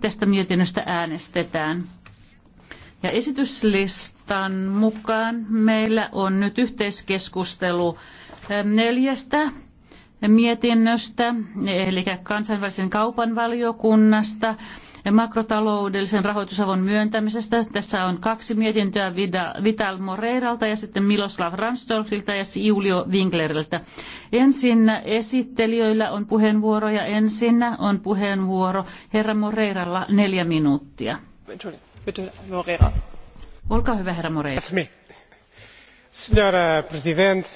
tästä mietinnöstä äänestetään. Ja esityslistan mukaan meillä on nyt yhteiskeskustelu eh, neljästä mietinnöstä, eli kansainvälisen kaupan valiokunnasta, makrotaloudellisen rahoitusavun myöntämisestä. Tässä on kaksi mietintöä Vital Moreiralta ja sitten Miloslav Ransdorfilta ja Julio Winkleriltä. Ensin esittelijöillä on puheenvuoro ja ensin on puheenvuoro herra Moreiralla neljä minuuttia. Olkaa hyvä, herra Moreira. Signora President.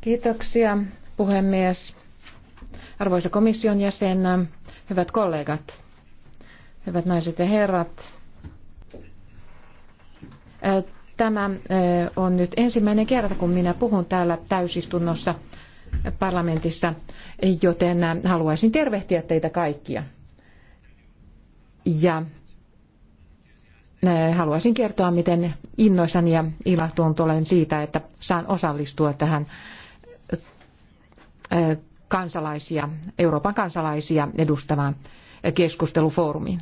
Kiitoksia, puhemies. Arvoisa komission jäsen, hyvät kollegat. Hyvät naiset ja herrat, tämä on nyt ensimmäinen kerta, kun minä puhun täällä täysistunnossa parlamentissa, joten haluaisin tervehtiä teitä kaikkia. Ja haluaisin kertoa, miten innoissani ja ilahtunut olen siitä, että saan osallistua tähän kansalaisia, Euroopan kansalaisia edustavaan keskustelufoorumiin.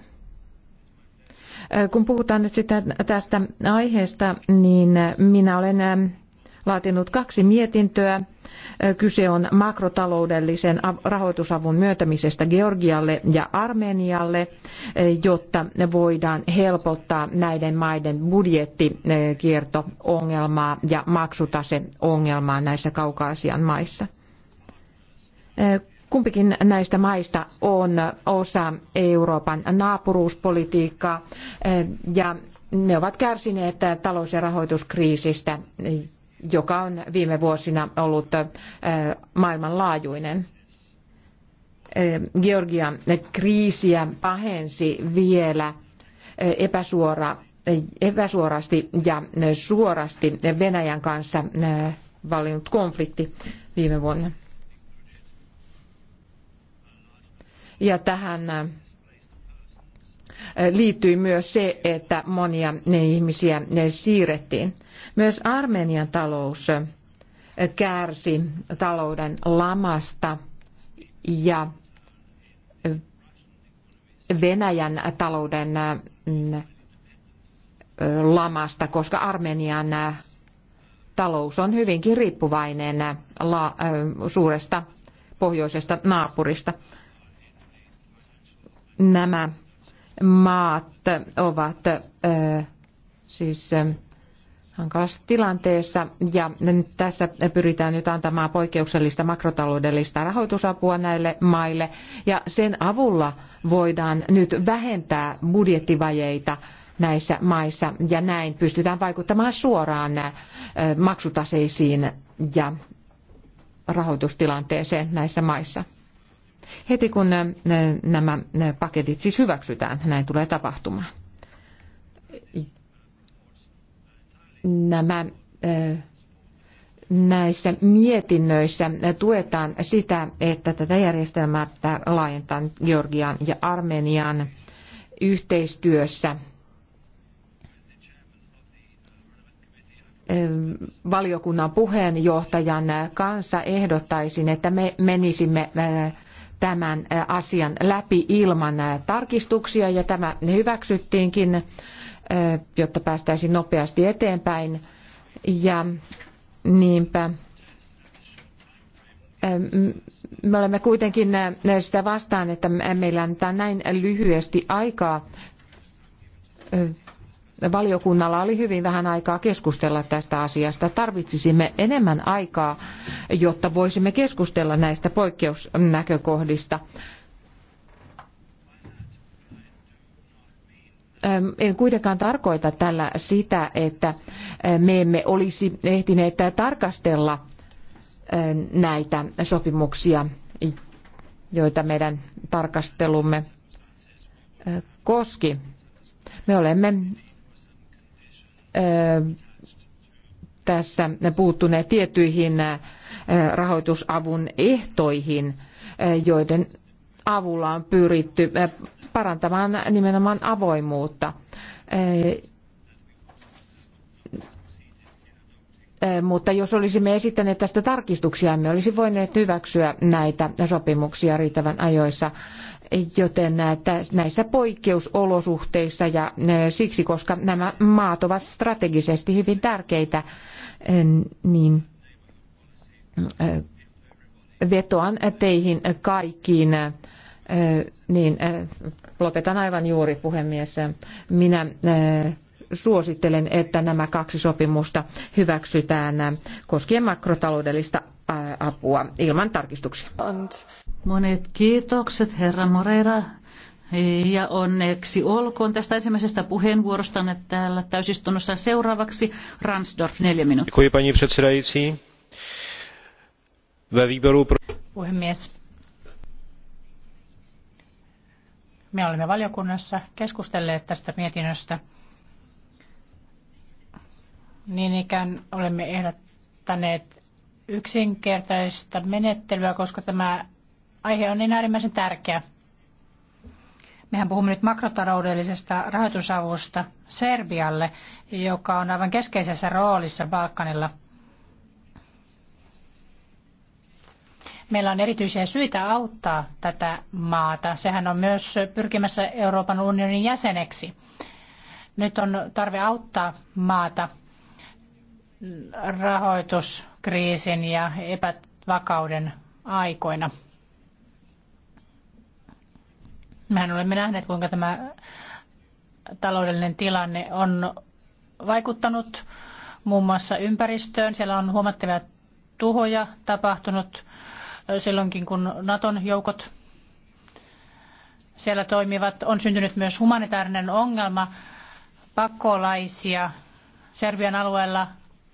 Äh, kun puhutaan nyt sitten tästä aiheesta, niin minä olen ähm, laatinut kaksi mietintöä. Äh, kyse on makrotaloudellisen rahoitusavun myöntämisestä Georgialle ja Armenialle, äh, jotta voidaan helpottaa näiden maiden budjettikierto-ongelmaa ja maksutaseongelmaa näissä kaukaasian maissa. Kumpikin näistä maista on osa Euroopan naapuruuspolitiikkaa eh, ja ne ovat kärsineet talous- ja rahoituskriisistä, joka on viime vuosina ollut eh, maailmanlaajuinen. Eh, Georgian kriisiä pahensi vielä epäsuora, epäsuorasti ja suorasti Venäjän kanssa valinnut konflikti viime vuonna. Ja tähän äh, liittyi myös se, että monia ihmisiä siirrettiin. Myös Armenian talous äh, kärsi talouden lamasta ja äh, Venäjän talouden lamasta, koska Armenian talous on hyvinkin riippuvainen suuresta pohjoisesta naapurista nämä maat ovat siis hankalassa tilanteessa ja tässä pyritään nyt antamaan poikkeuksellista makrotaloudellista rahoitusapua näille maille ja sen avulla voidaan nyt vähentää budjettivajeita näissä maissa ja näin pystytään vaikuttamaan suoraan maksutaseisiin ja rahoitustilanteeseen näissä maissa heti kun äh, nämä äh, paketit siis hyväksytään, näin tulee tapahtumaan. Nämä äh, näissä mietinnöissä tuetaan sitä, että tätä järjestelmää laajentaan Georgian ja Armenian yhteistyössä. Valiokunnan puheenjohtajan kanssa ehdottaisin, että me menisimme tämän asian läpi ilman tarkistuksia ja tämä hyväksyttiinkin, jotta päästäisiin nopeasti eteenpäin. Ja niinpä me olemme kuitenkin sitä vastaan, että meillä annetaan näin lyhyesti aikaa valiokunnalla oli hyvin vähän aikaa keskustella tästä asiasta. Tarvitsisimme enemmän aikaa, jotta voisimme keskustella näistä poikkeusnäkökohdista. En kuitenkaan tarkoita tällä sitä, että me emme olisi ehtineet tarkastella näitä sopimuksia, joita meidän tarkastelumme koski. Me olemme tässä puuttuneet tiettyihin rahoitusavun ehtoihin, joiden avulla on pyritty parantamaan nimenomaan avoimuutta. mutta jos olisimme esittäneet tästä tarkistuksia, emme olisi voineet hyväksyä näitä sopimuksia riittävän ajoissa, joten näissä poikkeusolosuhteissa ja siksi, koska nämä maat ovat strategisesti hyvin tärkeitä, niin vetoan teihin kaikkiin. Niin, lopetan aivan juuri puhemies. Minä suosittelen, että nämä kaksi sopimusta hyväksytään koskien makrotaloudellista apua ilman tarkistuksia. Monet kiitokset, herra Moreira. Ja onneksi olkoon tästä ensimmäisestä puheenvuorostanne täällä täysistunnossa seuraavaksi Ransdorf neljä minuuttia. Puhemies. Me olemme valiokunnassa keskustelleet tästä mietinnöstä niin ikään olemme ehdottaneet yksinkertaista menettelyä, koska tämä aihe on niin äärimmäisen tärkeä. Mehän puhumme nyt makrotaloudellisesta rahoitusavusta Serbialle, joka on aivan keskeisessä roolissa Balkanilla. Meillä on erityisiä syitä auttaa tätä maata. Sehän on myös pyrkimässä Euroopan unionin jäseneksi. Nyt on tarve auttaa maata rahoituskriisin ja epävakauden aikoina. Mehän olemme nähneet, kuinka tämä taloudellinen tilanne on vaikuttanut muun muassa ympäristöön. Siellä on huomattavia tuhoja tapahtunut silloinkin, kun Naton joukot siellä toimivat. On syntynyt myös humanitaarinen ongelma pakolaisia Serbian alueella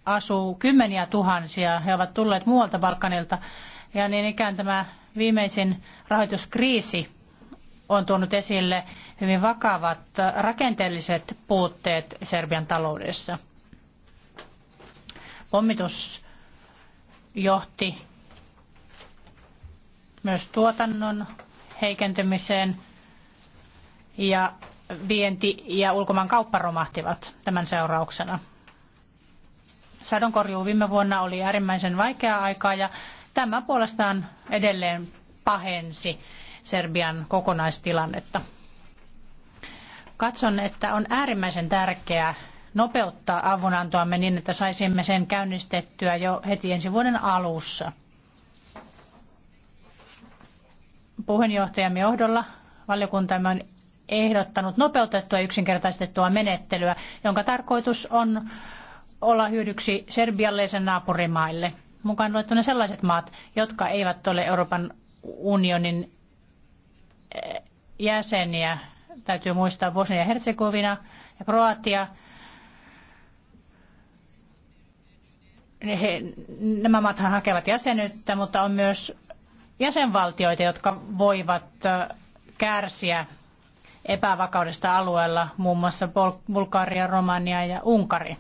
asuu kymmeniä tuhansia. He ovat tulleet muualta Balkanilta. Ja niin ikään tämä viimeisin rahoituskriisi on tuonut esille hyvin vakavat rakenteelliset puutteet Serbian taloudessa. Pommitus johti myös tuotannon heikentymiseen ja vienti ja ulkomaan kauppa romahtivat tämän seurauksena. Sadonkorjuu viime vuonna oli äärimmäisen vaikeaa aikaa ja tämä puolestaan edelleen pahensi Serbian kokonaistilannetta. Katson, että on äärimmäisen tärkeää nopeuttaa avunantoamme niin, että saisimme sen käynnistettyä jo heti ensi vuoden alussa. Puheenjohtajamme johdolla valiokuntamme on ehdottanut nopeutettua ja yksinkertaistettua menettelyä, jonka tarkoitus on olla hyödyksi Serbialle ja sen naapurimaille, mukaan luettuna sellaiset maat, jotka eivät ole Euroopan unionin eh, jäseniä. Täytyy muistaa Bosnia ja Herzegovina ja Kroatia. He, nämä maathan hakevat jäsenyyttä, mutta on myös jäsenvaltioita, jotka voivat eh, kärsiä epävakaudesta alueella, muun muassa Bulgaria, Romania ja Unkari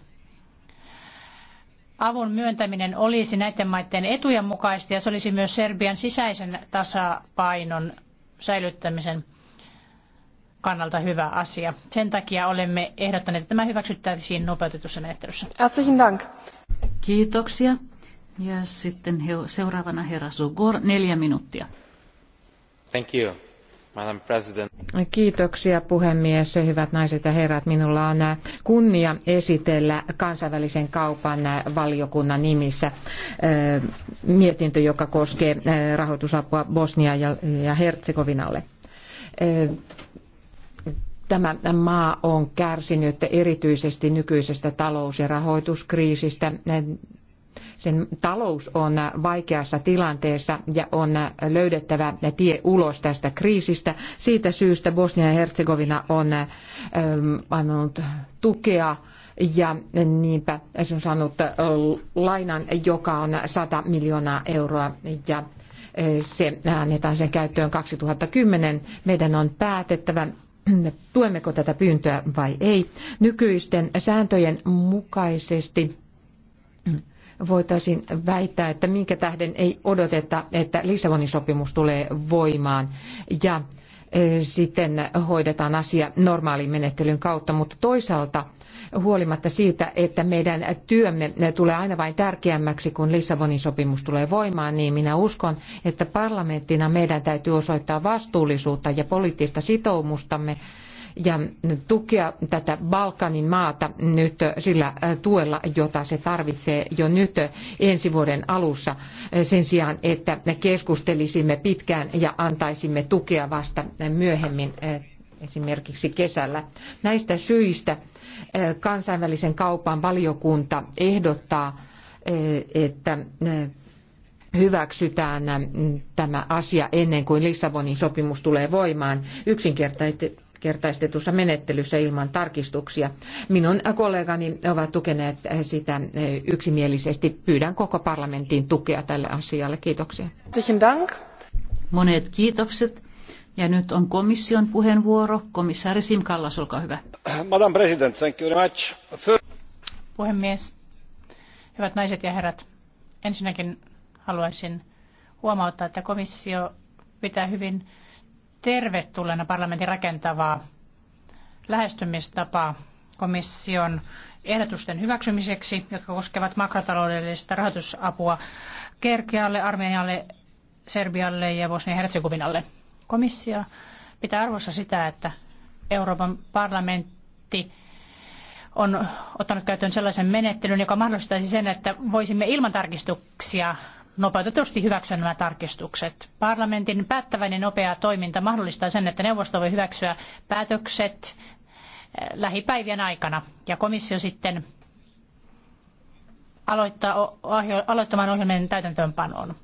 avun myöntäminen olisi näiden maiden etujen mukaista ja se olisi myös Serbian sisäisen tasapainon säilyttämisen kannalta hyvä asia. Sen takia olemme ehdottaneet, että tämä hyväksyttäisiin nopeutetussa menettelyssä. Herzlichen Dank. Kiitoksia. Ja sitten seuraavana herra Sugor, neljä minuuttia. Thank you. Kiitoksia puhemies, hyvät naiset ja herrat. Minulla on äh, kunnia esitellä kansainvälisen kaupan äh, valiokunnan nimissä äh, mietintö, joka koskee rahoitusapua Bosnia ja Herzegovinalle tämä maa on kärsinyt erityisesti nykyisestä talous- ja rahoituskriisistä. Sen talous on vaikeassa tilanteessa ja on löydettävä tie ulos tästä kriisistä. Siitä syystä Bosnia ja Herzegovina on ähm, annanut tukea ja niinpä se on saanut lainan, joka on 100 miljoonaa euroa ja äh, se annetaan sen käyttöön 2010. Meidän on päätettävä, tuemmeko tätä pyyntöä vai ei. Nykyisten sääntöjen mukaisesti voitaisiin väittää, että minkä tähden ei odoteta, että Lissabonin sopimus tulee voimaan ja e, sitten hoidetaan asia normaalin menettelyn kautta, mutta toisaalta huolimatta siitä, että meidän työmme tulee aina vain tärkeämmäksi, kun Lissabonin sopimus tulee voimaan, niin minä uskon, että parlamenttina meidän täytyy osoittaa vastuullisuutta ja poliittista sitoumustamme ja tukea tätä Balkanin maata nyt sillä tuella, jota se tarvitsee jo nyt ensi vuoden alussa sen sijaan, että keskustelisimme pitkään ja antaisimme tukea vasta myöhemmin esimerkiksi kesällä. Näistä syistä kansainvälisen kaupan valiokunta ehdottaa, että hyväksytään tämä asia ennen kuin Lissabonin sopimus tulee voimaan yksinkertaisesti kertaistetussa menettelyssä ilman tarkistuksia. Minun kollegani ovat tukeneet sitä yksimielisesti. Pyydän koko parlamentin tukea tälle asialle. Kiitoksia. Monet kiitokset. Ja nyt on komission puheenvuoro. Komissaari Sim Kallas, olkaa hyvä. Madam President, thank you very much. Puhemies, hyvät naiset ja herrat. Ensinnäkin haluaisin huomauttaa, että komissio pitää hyvin tervetulleena parlamentin rakentavaa lähestymistapaa komission ehdotusten hyväksymiseksi, jotka koskevat makrotaloudellista rahoitusapua Kerkialle, Armenialle, Serbialle ja Bosnia-Herzegovinalle. Komissio pitää arvossa sitä, että Euroopan parlamentti on ottanut käyttöön sellaisen menettelyn, joka mahdollistaisi sen, että voisimme ilman tarkistuksia nopeutetusti hyväksyä nämä tarkistukset. Parlamentin päättäväinen nopea toiminta mahdollistaa sen, että neuvosto voi hyväksyä päätökset eh, lähipäivien aikana ja komissio sitten aloittaa ohjo- aloittamaan ohjelmien täytäntöönpanon.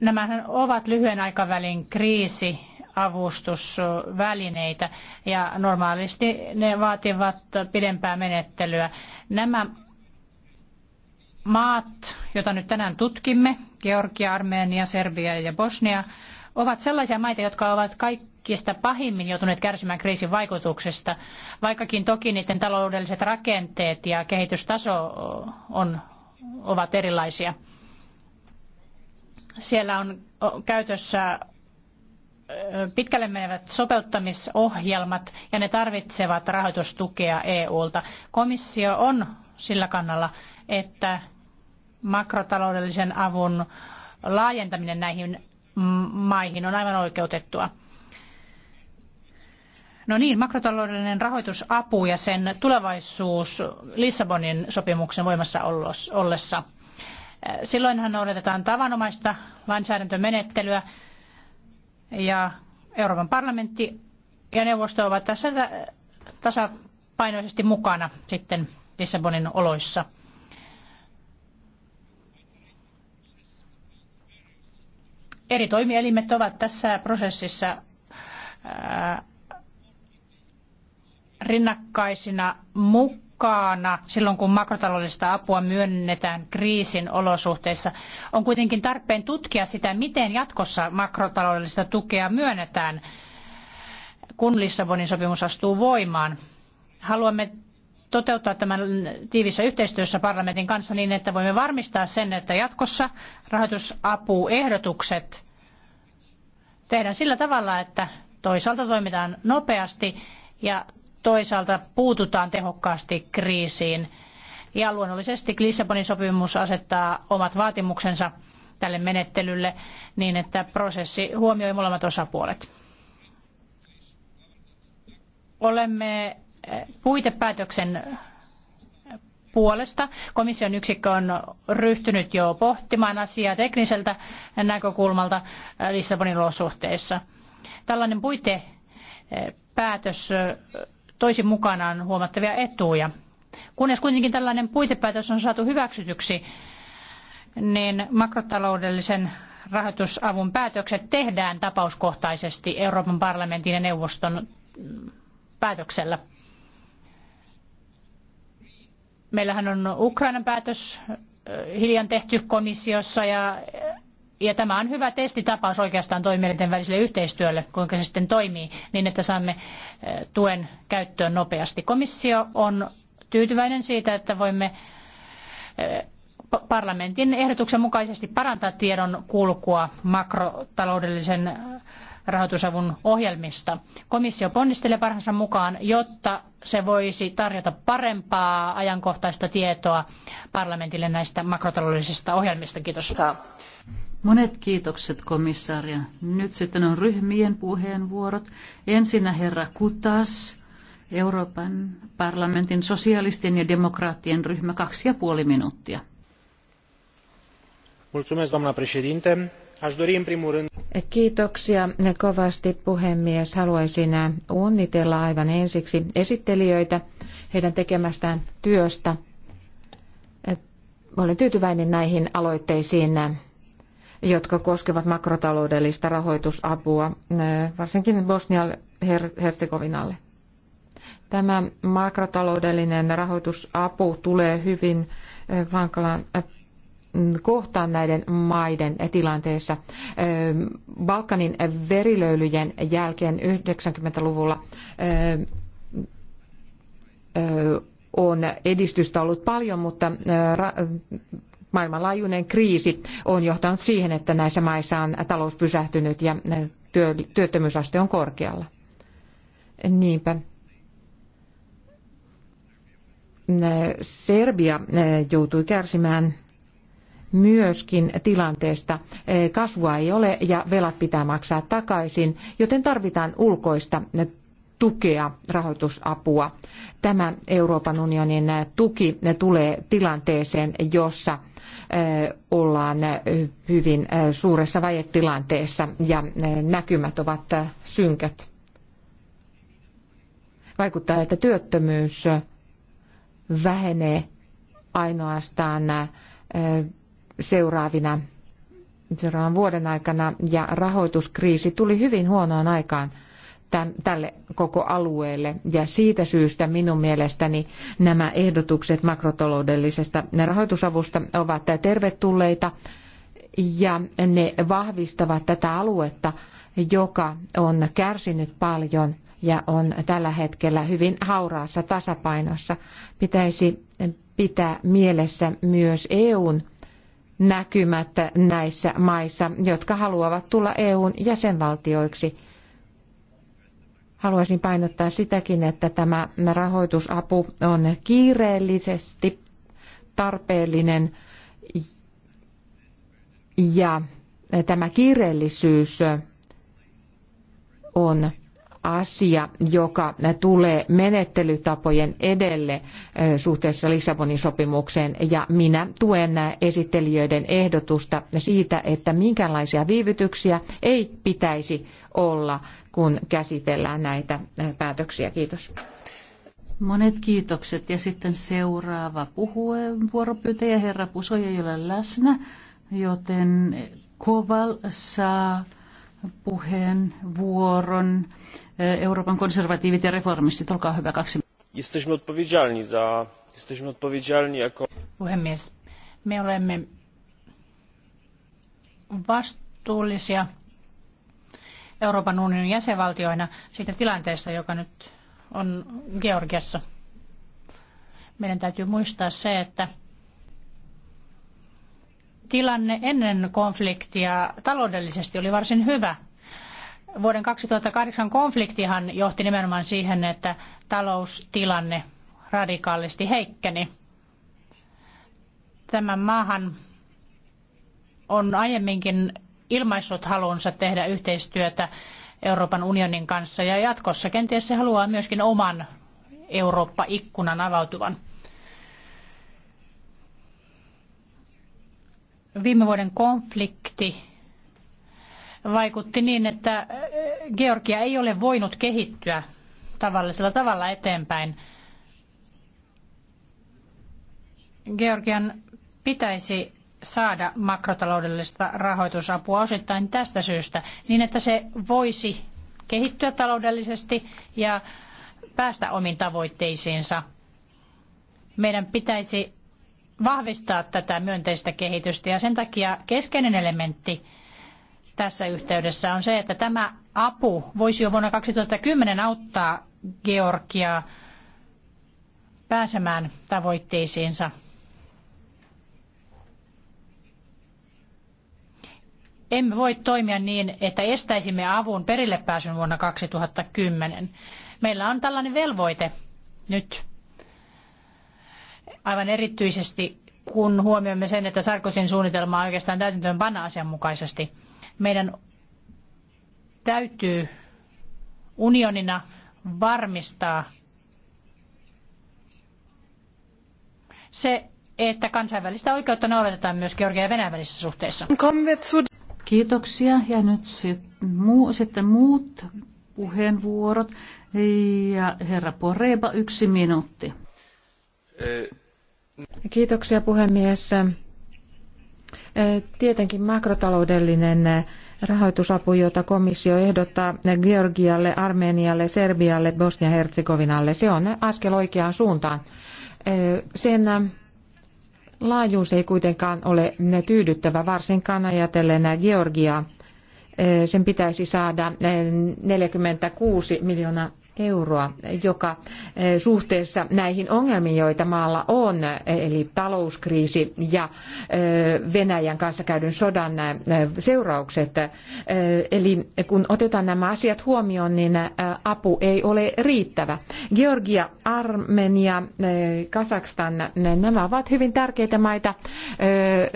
Nämä ovat lyhyen aikavälin kriisi avustusvälineitä ja normaalisti ne vaativat pidempää menettelyä. Nämä maat, joita nyt tänään tutkimme, Georgia, Armenia, Serbia ja Bosnia, ovat sellaisia maita, jotka ovat kaikista pahimmin joutuneet kärsimään kriisin vaikutuksesta, vaikkakin toki niiden taloudelliset rakenteet ja kehitystaso on, ovat erilaisia. Siellä on käytössä pitkälle menevät sopeuttamisohjelmat ja ne tarvitsevat rahoitustukea EUlta. Komissio on sillä kannalla, että makrotaloudellisen avun laajentaminen näihin maihin on aivan oikeutettua. No niin, makrotaloudellinen rahoitusapu ja sen tulevaisuus Lissabonin sopimuksen voimassa ollessa. Silloinhan noudatetaan tavanomaista lainsäädäntömenettelyä ja Euroopan parlamentti ja neuvosto ovat tässä tasapainoisesti mukana sitten Lissabonin oloissa. Eri toimielimet ovat tässä prosessissa rinnakkaisina mukana silloin, kun makrotaloudellista apua myönnetään kriisin olosuhteissa. On kuitenkin tarpeen tutkia sitä, miten jatkossa makrotaloudellista tukea myönnetään, kun Lissabonin sopimus astuu voimaan. Haluamme toteuttaa tämän tiivissä yhteistyössä parlamentin kanssa niin, että voimme varmistaa sen, että jatkossa rahoitusapuehdotukset tehdään sillä tavalla, että toisaalta toimitaan nopeasti ja toisaalta puututaan tehokkaasti kriisiin. Ja luonnollisesti Lissabonin sopimus asettaa omat vaatimuksensa tälle menettelylle niin, että prosessi huomioi molemmat osapuolet. Olemme puitepäätöksen puolesta. Komission yksikkö on ryhtynyt jo pohtimaan asiaa tekniseltä näkökulmalta Lissabonin olosuhteissa. Tällainen puitepäätös toisi mukanaan huomattavia etuja. Kunnes kuitenkin tällainen puitepäätös on saatu hyväksytyksi, niin makrotaloudellisen rahoitusavun päätökset tehdään tapauskohtaisesti Euroopan parlamentin ja neuvoston päätöksellä. Meillähän on Ukrainan päätös hiljan tehty komissiossa ja, ja tämä on hyvä testitapaus oikeastaan toimielinten väliselle yhteistyölle, kuinka se sitten toimii, niin että saamme tuen käyttöön nopeasti. Komissio on tyytyväinen siitä, että voimme parlamentin ehdotuksen mukaisesti parantaa tiedon kulkua makrotaloudellisen rahoitusavun ohjelmista. Komissio ponnistelee parhaansa mukaan, jotta se voisi tarjota parempaa ajankohtaista tietoa parlamentille näistä makrotaloudellisista ohjelmista. Kiitos. Monet kiitokset komissaaria. Nyt sitten on ryhmien puheenvuorot. Ensinnä herra Kutas, Euroopan parlamentin sosialistien ja demokraattien ryhmä, kaksi ja puoli minuuttia. Mulțumesc, doamna președinte. Aș dori în primul rând Kiitoksia kovasti puhemies. Haluaisin onnitella aivan ensiksi esittelijöitä heidän tekemästään työstä. Olen tyytyväinen näihin aloitteisiin, jotka koskevat makrotaloudellista rahoitusapua, varsinkin Bosnia-Herzegovinalle. Tämä makrotaloudellinen rahoitusapu tulee hyvin eh, hankalaan eh, kohtaan näiden maiden tilanteessa. Balkanin verilöylyjen jälkeen 90-luvulla on edistystä ollut paljon, mutta maailmanlaajuinen kriisi on johtanut siihen, että näissä maissa on talous pysähtynyt ja työttömyysaste on korkealla. Niinpä. Serbia joutui kärsimään myöskin tilanteesta. Eh, kasvua ei ole ja velat pitää maksaa takaisin, joten tarvitaan ulkoista tukea, rahoitusapua. Tämä Euroopan unionin tuki tulee tilanteeseen, jossa eh, ollaan eh, hyvin suuressa vajetilanteessa ja näkymät ovat synkät. Vaikuttaa, että työttömyys vähenee ainoastaan seuraavina seuraavan vuoden aikana ja rahoituskriisi tuli hyvin huonoon aikaan tälle koko alueelle ja siitä syystä minun mielestäni nämä ehdotukset makrotaloudellisesta rahoitusavusta ovat tervetulleita ja ne vahvistavat tätä aluetta, joka on kärsinyt paljon ja on tällä hetkellä hyvin hauraassa tasapainossa. Pitäisi pitää mielessä myös EUn näkymättä näissä maissa, jotka haluavat tulla EUn jäsenvaltioiksi. Haluaisin painottaa sitäkin, että tämä rahoitusapu on kiireellisesti tarpeellinen ja tämä kiireellisyys on asia, joka tulee menettelytapojen edelle suhteessa Lissabonin sopimukseen. Ja minä tuen esittelijöiden ehdotusta siitä, että minkälaisia viivytyksiä ei pitäisi olla, kun käsitellään näitä päätöksiä. Kiitos. Monet kiitokset. Ja sitten seuraava puheenvuoropyytäjä, herra Puso, ei ole läsnä, joten Koval saa puheenvuoron eh, Euroopan konservatiivit ja reformistit. Olkaa hyvä kaksi. Jesteśmy odpowiedzialni za... Jesteśmy odpowiedzialni jako... Puhemies, me olemme vastuullisia Euroopan unionin jäsenvaltioina siitä tilanteesta, joka nyt on Georgiassa. Meidän täytyy muistaa se, että tilanne ennen konfliktia taloudellisesti oli varsin hyvä. Vuoden 2008 konfliktihan johti nimenomaan siihen, että taloustilanne radikaalisti heikkeni. Tämän maahan on aiemminkin ilmaissut halunsa tehdä yhteistyötä Euroopan unionin kanssa ja jatkossa kenties se haluaa myöskin oman Eurooppa-ikkunan avautuvan. viime vuoden konflikti vaikutti niin, että äh, Georgia ei ole voinut kehittyä tavallisella tavalla eteenpäin. Georgian pitäisi saada makrotaloudellista rahoitusapua osittain tästä syystä, niin että se voisi kehittyä taloudellisesti ja päästä omiin tavoitteisiinsa. Meidän pitäisi vahvistaa tätä myönteistä kehitystä ja sen takia keskeinen elementti tässä yhteydessä on se, että tämä apu voisi jo vuonna 2010 auttaa Georgiaa pääsemään tavoitteisiinsa. Emme voi toimia niin, että estäisimme avun perille pääsyn vuonna 2010. Meillä on tällainen velvoite nyt aivan erityisesti kun huomioimme sen, että Sarkosin on oikeastaan täytäntöön panna asianmukaisesti. Meidän täytyy unionina varmistaa se, että kansainvälistä oikeutta noudatetaan myös Georgia ja Venäjän välisissä suhteissa. Kiitoksia. Ja nyt sitten muut puheenvuorot. Ja herra Poreba, yksi minuutti. Eh, Kiitoksia puhemies. Tietenkin makrotaloudellinen rahoitusapu, jota komissio ehdottaa Georgialle, Armenialle, Serbialle, Bosnia-Herzegovinalle, se on askel oikeaan suuntaan. Sen laajuus ei kuitenkaan ole tyydyttävä, varsinkaan ajatellen Georgiaa. Sen pitäisi saada 46 miljoonaa euroa, joka eh, suhteessa näihin ongelmiin, joita maalla on, eh, eli talouskriisi ja eh, Venäjän kanssa käydyn sodan seuraukset. Eli kun otetaan nämä asiat huomioon, niin apu ei ole riittävä. Georgia, Armenia, Kazakstan, nämä ovat hyvin tärkeitä maita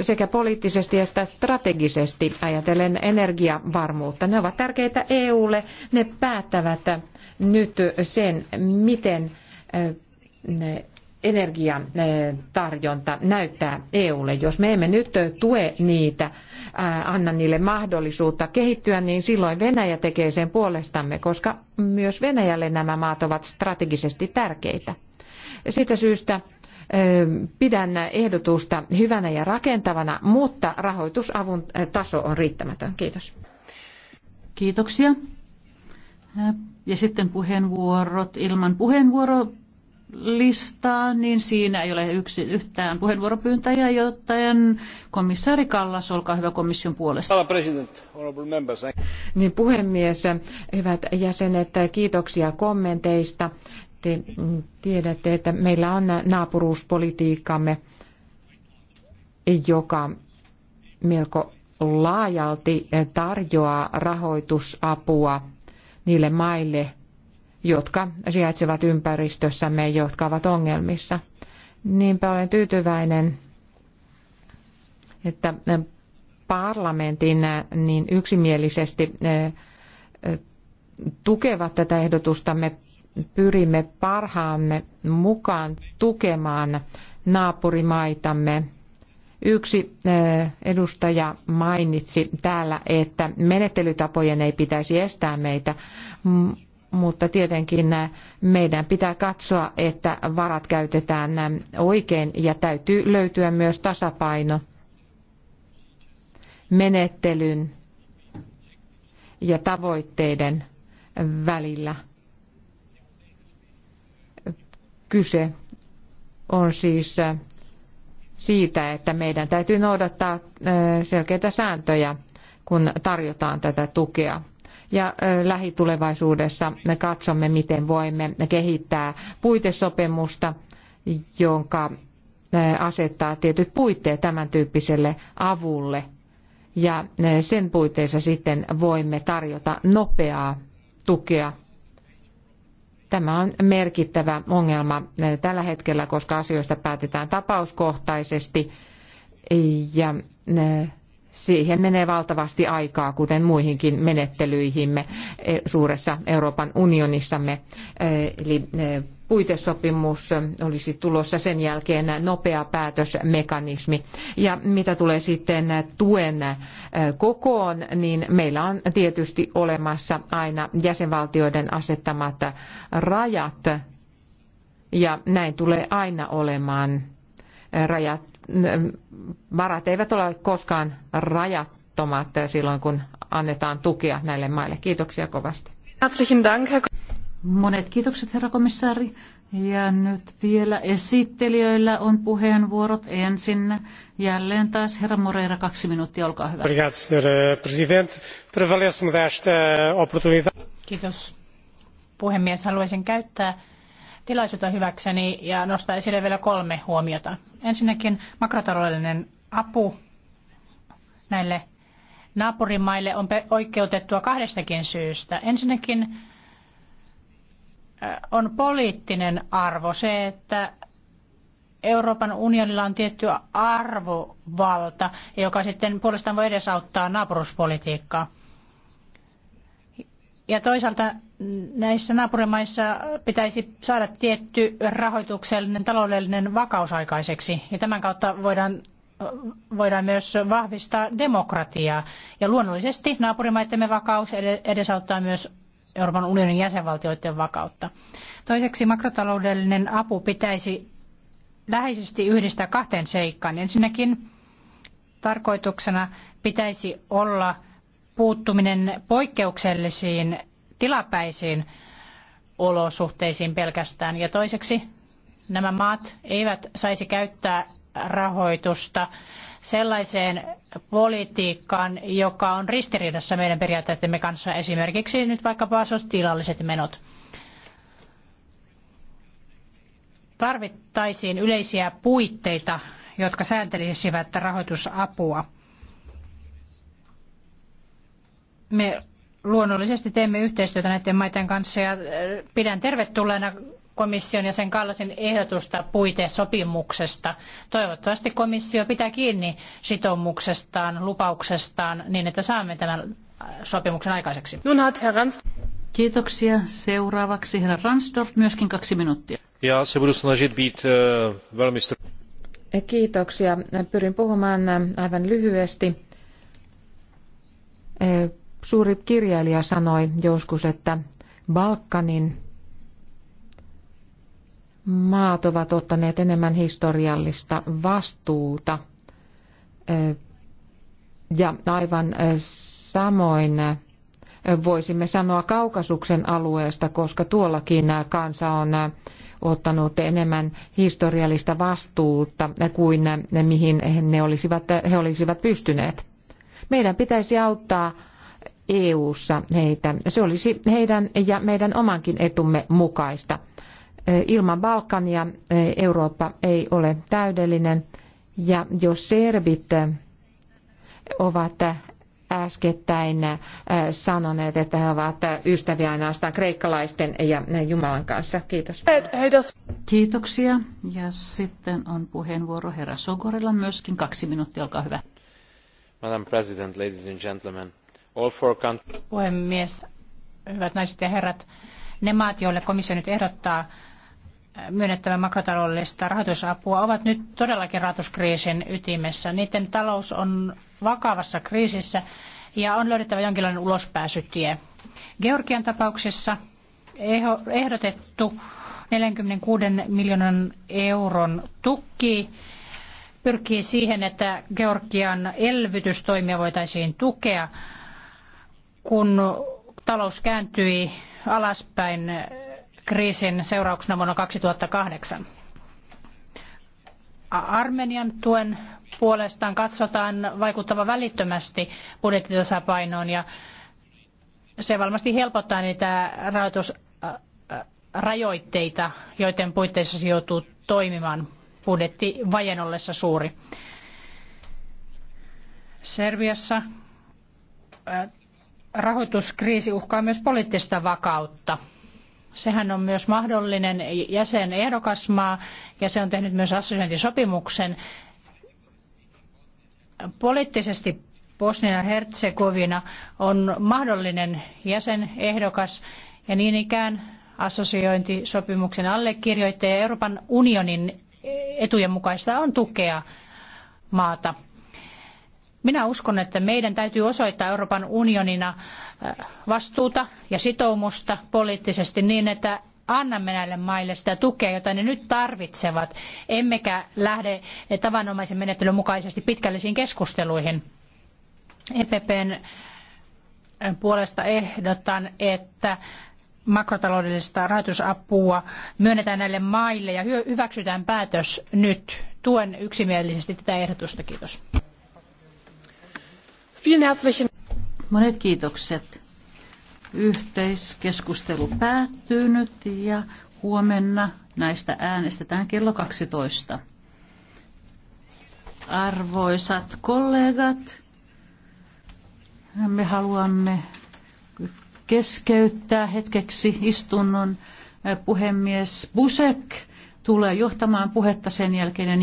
sekä poliittisesti että strategisesti ajatellen energiavarmuutta. Ne ovat tärkeitä EUlle, ne päättävät nyt sen, miten eh, energian eh, tarjonta näyttää EUlle. Jos me emme nyt tue niitä, eh, anna niille mahdollisuutta kehittyä, niin silloin Venäjä tekee sen puolestamme, koska myös Venäjälle nämä maat ovat strategisesti tärkeitä. Siitä syystä pidän ehdotusta hyvänä ja rakentavana, mutta rahoitusavun taso on riittämätön. Kiitos. Kiitoksia ja sitten puheenvuorot ilman puheenvuorolistaa, niin siinä ei ole yksi, yhtään puheenvuoropyyntäjä, joten komissaari Kallas, olkaa hyvä komission puolesta. Niin puhemies, hyvät jäsenet, kiitoksia kommenteista. Te tiedätte, että meillä on naapuruuspolitiikkamme, joka melko laajalti tarjoaa rahoitusapua niille maille, jotka sijaitsevat ympäristössämme, jotka ovat ongelmissa. Niinpä olen tyytyväinen, että parlamentin niin yksimielisesti tukevat tätä ehdotusta. Me pyrimme parhaamme mukaan tukemaan naapurimaitamme Yksi eh, edustaja mainitsi täällä, että menettelytapojen ei pitäisi estää meitä, mutta tietenkin eh, meidän pitää katsoa, että varat käytetään eh, oikein ja täytyy löytyä myös tasapaino menettelyn ja tavoitteiden välillä. Kyse on siis siitä, että meidän täytyy noudattaa selkeitä sääntöjä, kun tarjotaan tätä tukea. Ja lähitulevaisuudessa me katsomme, miten voimme kehittää puitesopimusta, jonka asettaa tietyt puitteet tämän tyyppiselle avulle. Ja sen puitteissa sitten voimme tarjota nopeaa tukea Tämä on merkittävä ongelma eh, tällä hetkellä, koska asioista päätetään tapauskohtaisesti ja eh, siihen menee valtavasti aikaa, kuten muihinkin menettelyihimme e, suuressa Euroopan unionissamme. E, eli e, puitesopimus olisi tulossa sen jälkeen nopea päätösmekanismi. Ja mitä tulee sitten tuen kokoon, niin meillä on tietysti olemassa aina jäsenvaltioiden asettamat rajat, ja näin tulee aina olemaan rajat varat eivät ole koskaan rajattomat silloin, kun annetaan tukea näille maille. Kiitoksia kovasti. Monet kiitokset, herra komissaari. Ja nyt vielä esittelijöillä on puheenvuorot ensin. Jälleen taas herra Moreira, kaksi minuuttia, olkaa hyvä. Eh, eh, Kiitos puhemies. Haluaisin käyttää tilaisuutta hyväkseni ja nostaa esille vielä kolme huomiota. Ensinnäkin makrotaloudellinen apu näille naapurimaille on oikeutettua kahdestakin syystä. Ensinnäkin äh, on poliittinen arvo se, että Euroopan unionilla on tietty arvovalta, joka sitten puolestaan voi edesauttaa naapuruspolitiikkaa. Ja toisaalta näissä naapurimaissa pitäisi saada tietty rahoituksellinen taloudellinen vakaus aikaiseksi ja tämän kautta voidaan voidaan myös vahvistaa demokratiaa. Ja luonnollisesti naapurimaittemme vakaus edesauttaa myös Euroopan unionin jäsenvaltioiden vakautta. Toiseksi makrotaloudellinen apu pitäisi läheisesti yhdistää kahteen seikkaan. Ensinnäkin tarkoituksena pitäisi olla puuttuminen poikkeuksellisiin tilapäisiin olosuhteisiin pelkästään. Ja toiseksi nämä maat eivät saisi käyttää rahoitusta sellaiseen politiikkaan, joka on ristiriidassa meidän periaatteidemme kanssa, esimerkiksi nyt vaikkapa sotilalliset menot. Tarvittaisiin yleisiä puitteita, jotka sääntelisivät rahoitusapua. Me luonnollisesti teemme yhteistyötä näiden maiden kanssa ja äh, pidän tervetulleena komission ja sen Kallasin ehdotusta puitesopimuksesta. Toivottavasti komissio pitää kiinni sitoumuksestaan, lupauksestaan niin, että saamme tämän äh, sopimuksen aikaiseksi. Kiitoksia. Seuraavaksi herra Ransdorf, myöskin kaksi minuuttia. Ja se snažit eh, velmi Kiitoksia. Pyrin puhumaan eh, aivan lyhyesti. Eh, Suuri kirjailija sanoi joskus, että Balkanin maat ovat ottaneet enemmän historiallista vastuuta. Ja aivan samoin voisimme sanoa Kaukasuksen alueesta, koska tuollakin kansa on ottanut enemmän historiallista vastuuta kuin mihin ne olisivat, he olisivat pystyneet. Meidän pitäisi auttaa EU-ssa heitä. Se olisi heidän ja meidän omankin etumme mukaista. E, ilman Balkania e, Eurooppa ei ole täydellinen. Ja jos serbit e, ovat äskettäin sanoneet, että he ovat ystäviä ainoastaan kreikkalaisten ja Jumalan kanssa. Kiitos. Kiitoksia. Ja sitten on puheenvuoro herra Sogorilla myöskin. Kaksi minuuttia, olkaa hyvä. Madam President, ladies and gentlemen. Puhemies, hyvät naiset ja herrat, ne maat, joille komissio nyt ehdottaa äh, myönnettävän makrotaloudellista rahoitusapua, ovat nyt todellakin rahoituskriisin ytimessä. Niiden talous on vakavassa kriisissä ja on löydettävä jonkinlainen ulospääsytie. Georgian tapauksessa ehdotettu 46 miljoonan euron tuki pyrkii siihen, että Georgian elvytystoimia voitaisiin tukea kun talous kääntyi alaspäin kriisin seurauksena vuonna 2008. Armenian tuen puolestaan katsotaan vaikuttava välittömästi budjettitasapainoon ja se varmasti helpottaa niitä rajoitteita, joiden puitteissa se joutuu toimimaan budjetti vajen ollessa suuri. Serbiassa rahoituskriisi uhkaa myös poliittista vakautta. Sehän on myös mahdollinen jäsenehdokasmaa ja se on tehnyt myös assosiointisopimuksen. Poliittisesti Bosnia-Herzegovina on mahdollinen jäsenehdokas ja niin ikään assosiointisopimuksen allekirjoittaja Euroopan unionin etujen mukaista on tukea maata. Minä uskon, että meidän täytyy osoittaa Euroopan unionina äh, vastuuta ja sitoumusta poliittisesti niin, että annamme näille maille sitä tukea, jota ne nyt tarvitsevat, emmekä lähde tavanomaisen menettelyn mukaisesti pitkällisiin keskusteluihin. EPPn äh, puolesta ehdotan, että makrotaloudellista rahoitusapua myönnetään näille maille ja hyväksytään päätös nyt. Tuen yksimielisesti tätä ehdotusta. Kiitos. Monet kiitokset. Yhteiskeskustelu päättyy nyt ja huomenna näistä äänestetään kello 12. Arvoisat kollegat, me haluamme keskeyttää hetkeksi istunnon puhemies Busek tulee johtamaan puhetta sen jälkeen.